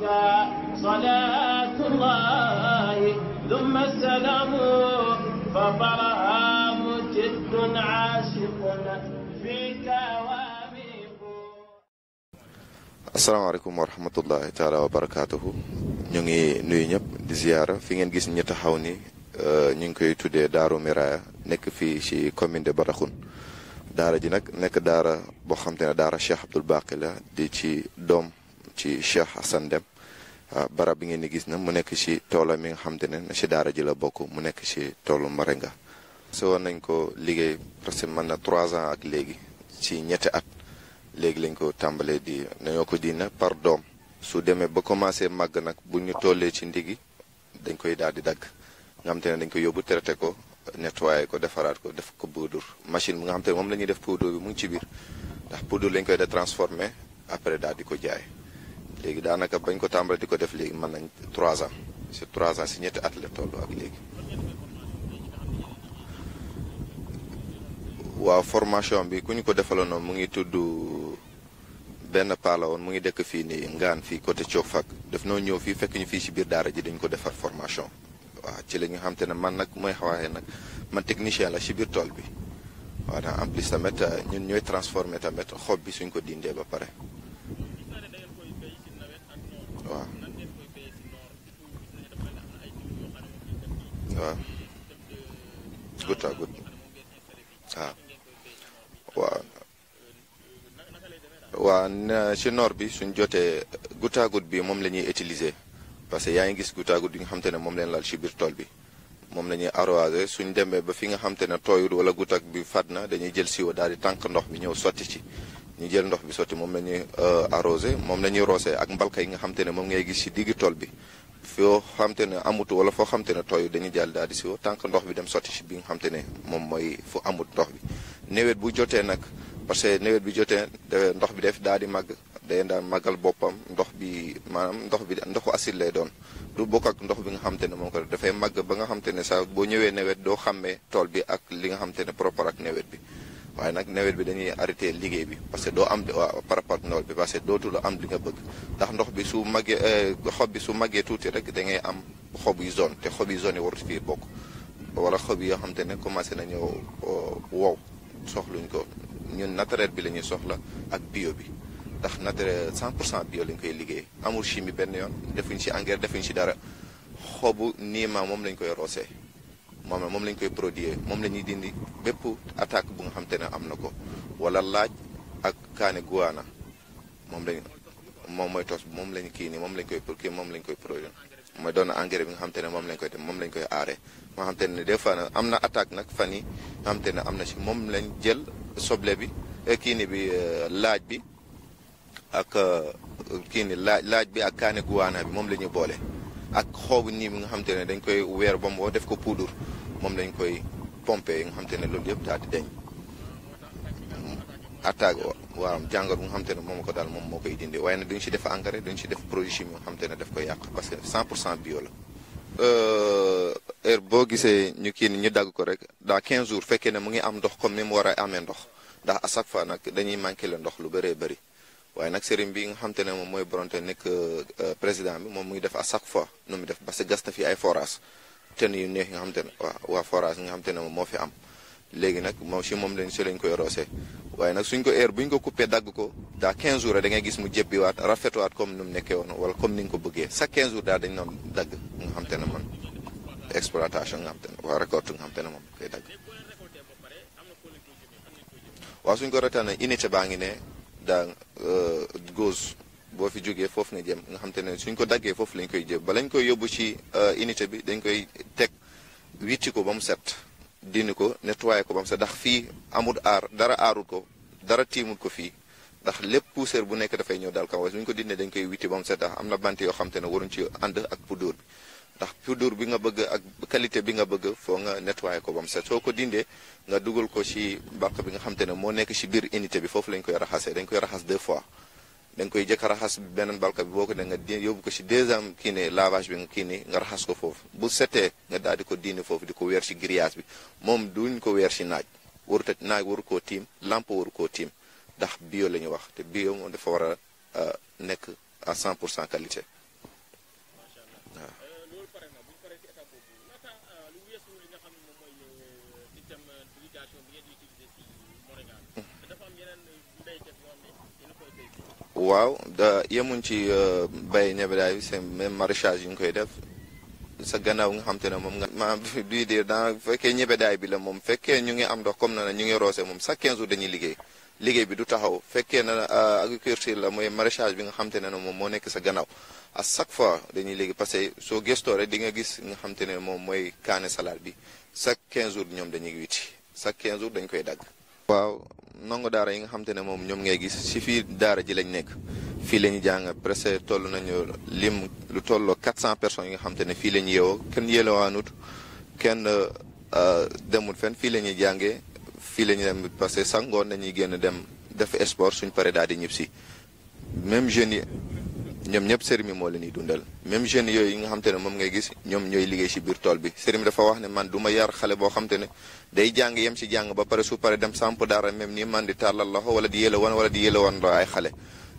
صلاة الله ثم السلام فبرهام جد ñu ngi nuyu ñëpp di ziyaara fi ngeen gis ñu taxaw ni euh, ñu ngi koy tuddee Daaru Miraya nekk fii ci commune de daara ji nag nekk daara boo xamte te ne daara Cheikh Abdoul Baqi la di ci doom ci Cheikh Hassan Ah, barab bi ngeen di gis na mu nekk ci toolam mi nga xam te ne ci daara ji la bokk mu nekk ci toolu Marenga. nga woon nañ ko liggéey presque mën na trois ans ak léegi ci ñetti at léegi lañ ko tàmbalee di nañoo ko diina par doom su demee ba commencé màgg nag bu ñu tollee ci ndigi dañ koy daal di dagg nga xam te ne dañ koy yóbbu traité ko nettoyé ko defaraat ko def ko poudre machine bi nga xam te moom la ñuy def poudre bi mu ngi ci biir ndax poudre lañ koy de transformé après daal di ko jaay léegi daanaka bañ ko tàmbali di ko def léegi man nañ trois ans si trois ans si ñetti at la ak léegi. waaw formation bi ku ñu ko defaloon mu ngi tudd benn paala woon mu ngi dekk fii nii ngaan fii côté Thiop fak daf noo ñëw fii fekk ñu fii si biir daara ji dañ ko defar formation. waaw ci la ñu xam te ne man nag mooy xawaaye nag man technicien la si biir tool bi waaw en plus tamit ñu ñooy transformé tamit xob bi suñ ko dindee ba pare. waaw goutte à goutte ah. waaw waa ci noor bi suñ jotee goutte à bi moom la ñuy utiliser parce que yaa ngi gis goutte à goutte yi nga xam ne moom leen laal ci biir tool bi moom la ñuy arroser suñ demee ba fi nga xam ne tooyut wala goutte ak bi fat na dañuy jël siwo daal di tànk ndox bi ñëw sotti ci ñu jël ndox bi sotti moom la ñuy euh, arroser moom la ñuy roosee ak mbalka yi nga xam ne moom ngay gis ci digg tool bi foo xamante ne amut wala foo xamante ne tooy dañuy jàll daal di siwo tànk ndox bi dem sotti si bi nga xamante ne moom mooy fu amut ndox bi nawet bu jotee nag parce que nawet bi jotee ndox bi def daal di màgg day daal màggal boppam ndox bi maanaam ndox bi ndoxu acide lay doon du bokk ak ndox bi nga xamante ne moom ko dafay màgg ba nga xamante ne sax boo ñëwee nawet doo xàmmee tool bi ak li nga xamante ne propre ak nawet bi waaye nag nawet bi dañuy arrêté liggéey bi parce que doo am par rapport noor bi parce que dootul am li nga bëgg ndax ndox bi su màggee euh, xob bi su màggee tuuti rek da ngay am xob yu zone te xob yu zone yi warut fii bokk wala xob yi yoo xam te ne commencé ñëw euh, wow soxluñ ko ñun naturel bi lañuy soxla ak bio bi ndax naturel 100 pour cent bio lañ koy liggéey amul chimie benn yoon defuñ ci engrais defuñ ci dara xobu niima moom lañ koy roosee moom moom la ñu koy produire moom la ñuy dindi bépp attaque bu nga xam ne am na ko wala laaj ak kaani guwaana moom lañ moom mooy tos moom lañ kii nii moom lañ koy kii moom lañ koy produire mooy doon engrais bi nga xam te moom lañ koy def moom lañ koy aaree. moo xam te des fois am na attaque nag fan yi nga xam ne am na si moom lañ jël soble bi eh, kiini ni bi eh, laaj bi ak eh, kii ni laaj laaj bi ak kaane guwaana bi moom la ñuy boole. ak xoobu nii mu nga xamante ne dañ koy weer ba moo def ko poudre moom dañ koy pomper nga xamante ne loolu yëpp daal di deñ mm. attaque waaw jàngat bu nga xamante ne moom ko daal moom moo koy dindi waaye nag duñ si def engrais duñ ci def produit chimique nga xamante ne daf ko yàq parce que 100 pour cent bio la. Euh, heure boo gisee ñu kii ñu dagg ko rek dans 15 jours fekkee ne mu ngi am ndox comme ni mu war amee ndox ndax à chaque fois nag dañuy manqué ndox lu baree bëri. waaye nag sëriñ bi nga xam ne moom mooy Boronte nekk euh, président bi moom muy def à chaque fois nu mu def parce que gas na fi ay forage ten yu neex nga xam te ne waaw waa forage nga xam te ne moom moo fi am léegi nag moom si moom lañ si lañ koy roosee waaye nag suñ ko heure bu ko coupé dagg ko daa 15 jours da ngay gis mu jébbiwaat rafetuwaat comme ni mu nekkee woon wala comme ni ko bëggee chaque 15 jours daal dañ doon dagg nga xam man exploitation nga xam te ne waa récolte nga xam te ne moom koy dagg waaw suñ ko retaane unité baa ngi ne daa euh, gauze boo fi jógee foofu nga jëm nga xam ne suñ ko daggee foofu lañ koy jëm balañ koy yóbbu ci euh, unité bi dañ koy teg witti ko ba mu set dindi ko nettoyé ko ba mu set ndax fii amut aar dara aarul ko dara tiimul ko fii ndax lépp poussière bu nekk dafay ñëw daal kaw suñ ko dindee dañ koy witti ba mu set ndax am na bante yoo xam te ne waruñ ci ànd ak poudre bi ndax poudre bi nga bëgg ak qualité bi nga bëgg foo nga nettoyé ko ba mu set soo ko dindee nga dugal ko ci bàq bi nga xam ne moo nekk ci biir unité bi foofu lañ koy raxasee dañ koy raxas deux fois dañ koy jëkk raxas beneen balka bi boo ko ne nga di yóbbu ko ci deuxième kii ne lavage bi nga kii ni nga raxas ko foofu bu setee nga daal di ko diine foofu di ko weer ci grillage bi moom duñ ko weer ci naaj waruta naaj waru koo tiim lampe waru koo tiim ndax bio la ñu wax te bio moom dafa war a euh, nekk à cent pour cent qualité waaw da yemuñ ci euh, bay ñebedaay bi c'est même maraîchage yi ñu koy def sa gannaaw nga xam te ne moom nga maanaam duy diir dans fekkee ñebedaay bi la moom fekkee ñu ngi am ndox comme na ñu ngi roose moom chaque 15 jours dañuy liggéey liggéey bi du taxaw fekkee na euh, agriculture la mooy maraîchage bi nga xam te ne moom moo nekk sa gannaaw à chaque fois dañuy liggéey parce que soo gëstoo rek di nga gis nga xam te ne moom mooy kaane salade bi chaque 15 jours ñoom dañuy witti chaque 15 jours dañ koy dagg ndongo daara yi nga xam ne moom ñoom ngay gis si fii daara ji lañ nekk fii la ñu jàng presque toll nañu lim lu tolloo 400 personnes yi nga xam te ne fii la ñu yeewoo kenn yelewaanut kenn euh, demul fenn fii la ñuy jàngee fii la ñuy dem parce que sangoon nañuy génn dem def sport suñ paree daal di si même jeunes yi ñoom ñëpp sëriñ moo leen dundal même jeunes yooyu nga xam te ne moom ngay gis ñoom ñooy liggéey ci biir tool bi sëriñ mi dafa wax ne man du ma yar xale boo xam ne day jàng yem ci jàng ba pare su pare dem samp daara même nii man di tàllal loxo wala di yëla wan wala di yëla wan xale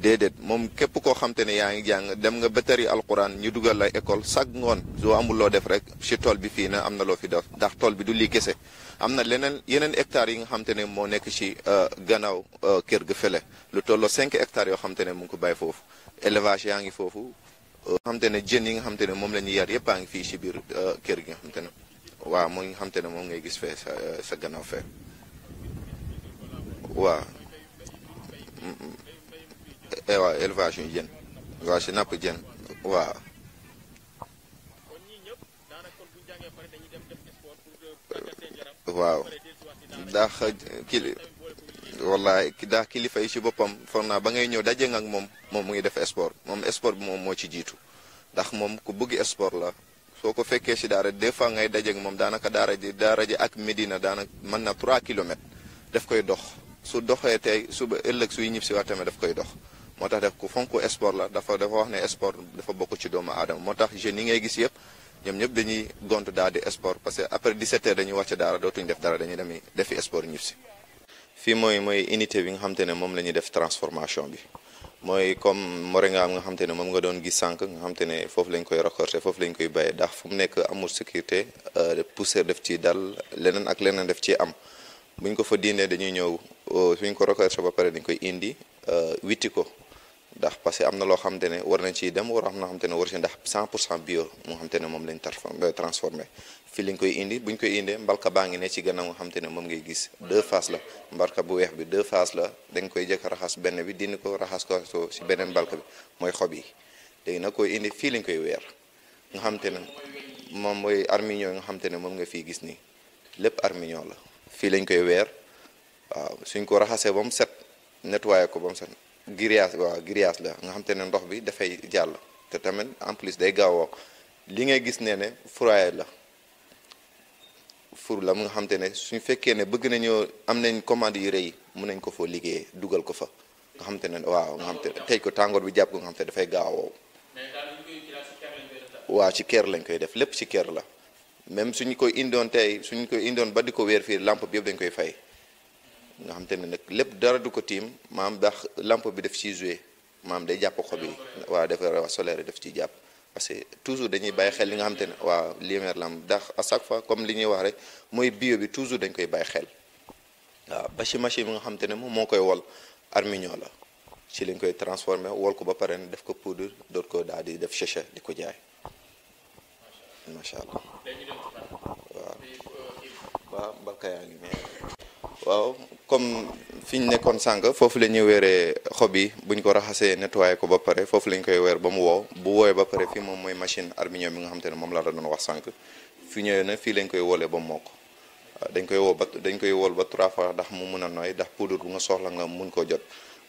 déedéet moom képp koo xam te ne yaa ngi jàng dem nga ba tari alquran ñu dugal la école sag ngoon su amuloo def rek ci tool bi fii na am na loo fi def ndax tool bi du lii kese am na leneen yeneen hectares yi nga xam ne moo nekk ci euh, gannaaw euh, kër ga fële lu tolloo cinq hectares yoo xam ne mu ko bàyyi foofu élevage yaa ngi foofu euh, xam te ne jën yi nga xam ne moom la ñuy yar yëpp a ngi fii si biir euh, kër gi nga xam te ne waaw mooy nga xam ne moom ngay gis fee sa euh, sa gannaaw fee waaw mm-hmm. eh, waaw yu jën waaw si napp jën waaw waaw ndax kii wallaay daa kilifa yi ci boppam foog naa ba ngay ñëw daje nga moom moom mu ngi def sport moom sport bi moom moo ci jiitu ndax moom ku bëgg sport la soo ko fekkee si daara des fois ngay daje ak moom daanaka daara ji daara ji ak Medina daanaka mën na 3 kilomètres daf koy dox su doxee tey suba ëllëg suy ñib si waat tamit daf koy dox moo tax def ku fonk sport la dafa dafa wax ne sport dafa bokk ci doomu aadama moo tax jeunes yi ngay gis yëpp ñoom ñëpp dañuy gont daal di sport parce que après 17 heures dañuy wàcc daara dootuñu def dara dañuy dem defi sport ñib si fii mooy mooy unité bi nga xam te ne moom la ñuy def transformation bi mooy comme moringa am nga xam te ne moom nga doon gis sànq nga xam te ne foofu lañ koy récolter foofu lañ koy bàyyee ndax fu mu nekk amul sécurité euh, poussière def ci dal leneen ak leneen def ci am buñ ko fa diinee dañuy ñëw euh, suñ ko récolter ba pare dañ koy indi euh, witti ko ndax parce que am na loo xamante ne war nañ ci dem war am na xamante ne war ci ndax 100 pour cent bio moo xamante ne moom lañ transformé fii lañ koy indi buñ koy indee mbalka baa ngi ne ci gannaaw nga xamante ne moom ngay gis deux phases la mbalka bu weex bi deux phases la dañ koy jëkk raxas benn bi dindi ko raxas ko ci beneen mbalka bi mooy xob yi léegi nag koy indi fii lañ koy weer nga xamante ne moom mooy armignon yi nga xamante ne moom nga fii gis nii lépp armignon la fii lañ koy weer waaw suñ ko raxasee ba mu set nettoyé ko ba mu set grillage waaw grillage la nga xam ne ndox bi dafay jàll te tamit en plus day gaaw wokk li ngay gis ne ne foyer la four la mu nga xam te ne suñu fekkee ne bëgg nañoo am nañ commande yu rëy mun nañ ko foo liggéeyee dugal ko fa nga xam ne waaw nga xam te tey ko tàngoor bi jàpp nga xam te dafay gaaw wow waaw ci kër lañ koy def lépp ci kër la même suñu koy indoon tey suñu koy indoon ba di ko weer fii lampe bi yëpp dañ koy fay nga xam te ne nag lépp dara du ko tiim maam dax lampe bi def ciy joué maam day jàpp xob yi waaw dafa waa solaire def ciy jàpp parce que toujours dañuy bàyyi xel li nga xam te ne waaw lumière lampe ndax à chaque fois comme li ñuy wax rek mooy bio bi toujours dañ koy bàyyi xel ba si machine bi nga xam ne moom moo koy wol armignon la ci lañ koy transformé wol ko ba pare ne def ko poudre doot ko daal di def cheche di ko jaay macha allah waaw waaw comme fi ñu nekkoon sànq foofu la ñuy weeree xob yi bu ko raxasee nettoyé ko ba pare foofu la ñu koy weer ba mu wow bu woowee ba pare fii moom mooy machine arminion bi nga xam te ne moom laa la doon wax sànq fi ñëwee na fii lañ koy woolee ba mokk dañ koy woo ba dañ koy wool ba trois fois mu mun a nooy ndax poudre bu nga soxla nga mun koo jot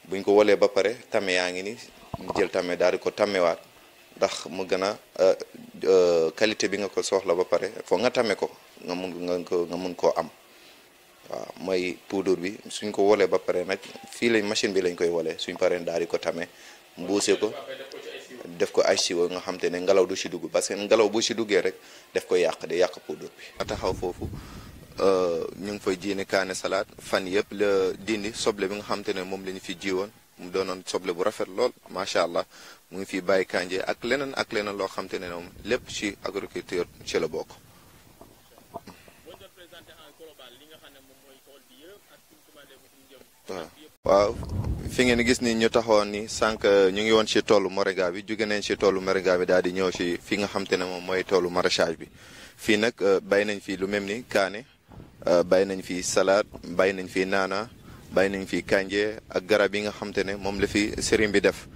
buñ ko wolee ba pare tame yaa ngi ni mu jël tame daal di ko tamewaat ndax mu gën a euh, euh, qualité bi nga ko soxla ba pare foog nga tame ko nga mun nga ko nga mun koo am waaw mooy poudre bi suñ ko wolee ba pare nag fii lañ machine bi lañ koy wolee suñ paree daal ko tame mbuuse ko def ko ay siwo nga xam te ne ngelaw du si dugg parce que ngelaw bu si duggee rek def ko yàq de yàq poudre bi. a taxaw foofu euh, ñu ngi fay jiine kaane salaat fan yëpp dindi soble bi nga xam te ne moom la ñu fi jiwoon mu doonoon soble bu rafet lool macha allah mu ngi fiy bàyyi kanje ak leneen ak leneen loo xam te ne moom lépp ci agriculture ci la bokk. waaw fi ngeen gis ni ñu taxoon ni sànq ñu ngi woon ci toolu moringa bi jóge nañ ci toolu moringa bi daal di ñëw ci fi nga xam ne moom mooy toolu maraîchage bi fii nag euh, bay nañ fi lu mel ni kaane euh, bay nañ fi salade bay nañ fi naana bay nañ fi kanje ak garab yi nga xam te ne moom la fi sëriñ bi def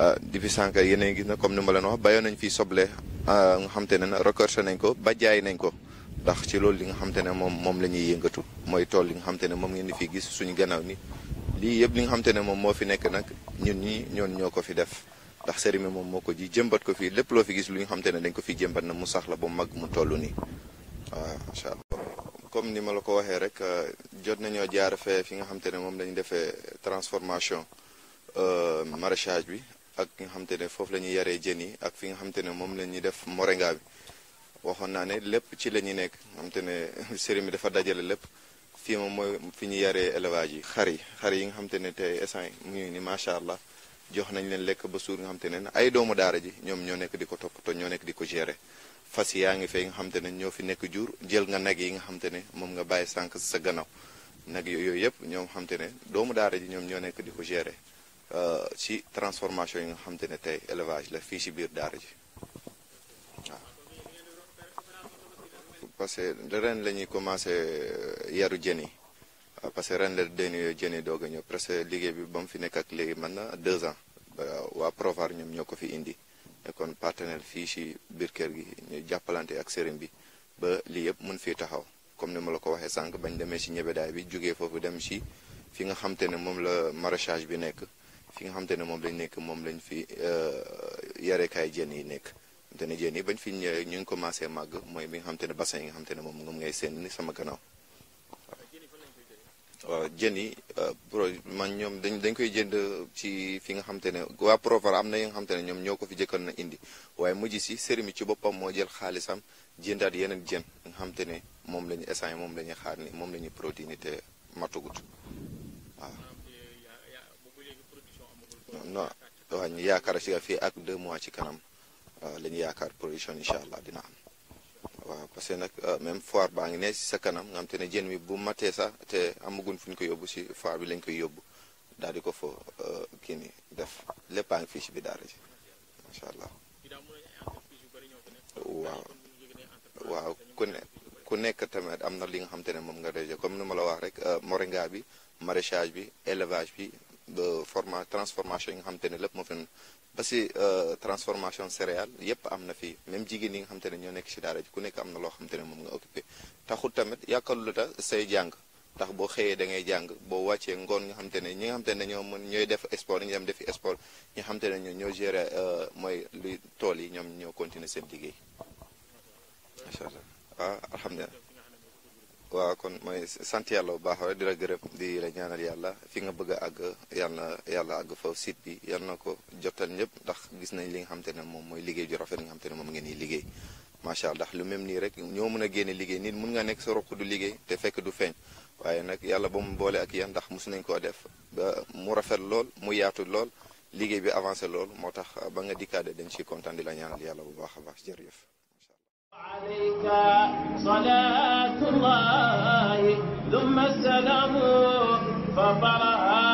euh, difi fi sànq yeneen gis na comme ni ma leen wax bayoon nañ fi soble nga xam te ne recherché nañ ko ba jaay nañ ko ndax ci loolu li nga xamante ne moom moom la ñuy yëngatu mooy tool li nga xamante ne moom ngeen di fi gis suñu gannaaw ni lii yëpp li nga xamante ne moom moo fi nekk nag ñu ñi ñoon ñoo ko fi def ndax seri mi moom moo ko ji jëmbat ko fii lépp loo fi gis lu nga xamante ne dañ ko fi jëmbat na mu sax la ba mag mu tollu nii waaw macha allah. comme ni ma la ko waxee rek euh, jot nañoo jaar fee fi nga xamante ne moom lañu defee transformation euh, maraîchage bi ak nga xamante ne foofu la ñuy yaree jën yi ak fi nga xamante ne moom la ñuy def moringa waxoon naa ne lépp ci la ñuy nekk xam te ne sëriñ bi dafa dajale lépp fii moom mooy fi ñu yaree élevage yi xar yi xar yi nga xam ne tey instant mu ngi ni macha allah jox nañ leen lekk ba suur nga xam te ay doomu daara ji ñoom ñoo nekk di ko toppatoo ñoo nekk di ko gérer fas yaa ngi fee nga xam ne ñoo fi nekk jur jël nga nag yi nga xam moom nga bàyyi sànq sa gannaaw nag yooyu yëpp ñoom xam ne doomu daara ji ñoom ñoo nekk di ko gérer euh, ci transformation yi nga xam ne tey élevage la fii ci biir daara ji Euh, ah, parce que ren la ñuy commencé yaru jën yi parce que ren la den jën doog a ñëw parce liggéey bi ba mu fi nekk ak léegi mën a deux ans waa Provar ñoom ñoo ko fi indi nekkoon partenaire fii ci biir kër gi ñu jàppalante ak sëriñ bi ba li yëpp mën fii taxaw comme ni ma la ko waxee sànq bañ demee si ñebedaay bi jógee foofu dem si fi nga xam ne moom la maraîchage bi nekk fi nga xam ne moom lañ nekk moom lañ fi euh, yarekaay jën yi nekk xam te yi bañ fi ñëwee ñu ngi commencé màgg mooy mi nga xam ne bassin yi nga xam te ne moom moom ngay ni sama gannaaw jën yi euh, pro man ñoom dañ dañ koy jënd ci fi nga xam te ne waa Proval am na yi nga xam ne ñoom ñoo ko fi jëkkoon na indi waaye mujj si sëriñ ci boppam moo jël xaalisam jëndaat yeneen jën nga xam ne moom la ñu essayé moom la xaar ni moom la ñuy produit ni te matugut waaw non waaw ñu yaakaar si fii ak deux mois ci kanam Euh, la ñu yaakaar production incha allah dina am waaw parce que nag euh, même foire baa ngi ne si sa kanam nga xam te ne jën mi bu mate sax te amaguñ fu ñu ko yóbbu si foire bi lañ koy yóbbu daal di ko fo euh, kii def lépp a ngi fii si biir daara ji allah waaw waaw ku nekk tamit am na li nga xam te ne moom nga réje comme nu ma la wax rek moringa bi maraîchage bi élevage bi ba forma transformation yi nga xamante ne lépp moo fi noonu ba si euh, transformation céréale yépp am na fi même jigéen yi nga xamante ne ñoo nekk si daara ji ku nekk am na loo xamante ne moom nga occupé taxul tamit yàkkalu la say jàng ndax boo xëyee da ngay jàng boo wàccee ngoon nga xamante ne ñi nga xamante ne ñoo mën ñooy def sport ñu dem defi sport ñi nga xamante ne ñoo ñoo gérer euh, mooy li tool yi ñoom ñoo continuer seen liggéey macha ah, alhamdulilah waaw kon mooy sant yàlla bu baax rek di la gërëm di la ñaanal yàlla fi nga bëgg a àgg yàlla yàlla àgg fa site bi yàlla na ko jotal ñëpp ndax gis nañ li nga xam te ne moom mooy liggéey ju rafet nga xam ne moom ngeen ni liggéey macha allah lu même nii rek ñoo mën a génne liggéey nit mun nga nekk sa roq du liggéey te fekk du feeñ waaye nag yàlla ba mu boole ak yan ndax mosu nañ koo def mu rafet lool mu yaatu lool liggéey bi avancé lool moo tax ba nga dikkaade dañ ciy kontaan la ñaanal yàlla bu baax a baax jërëjëf عليك صلاة الله ثم السلام فطرها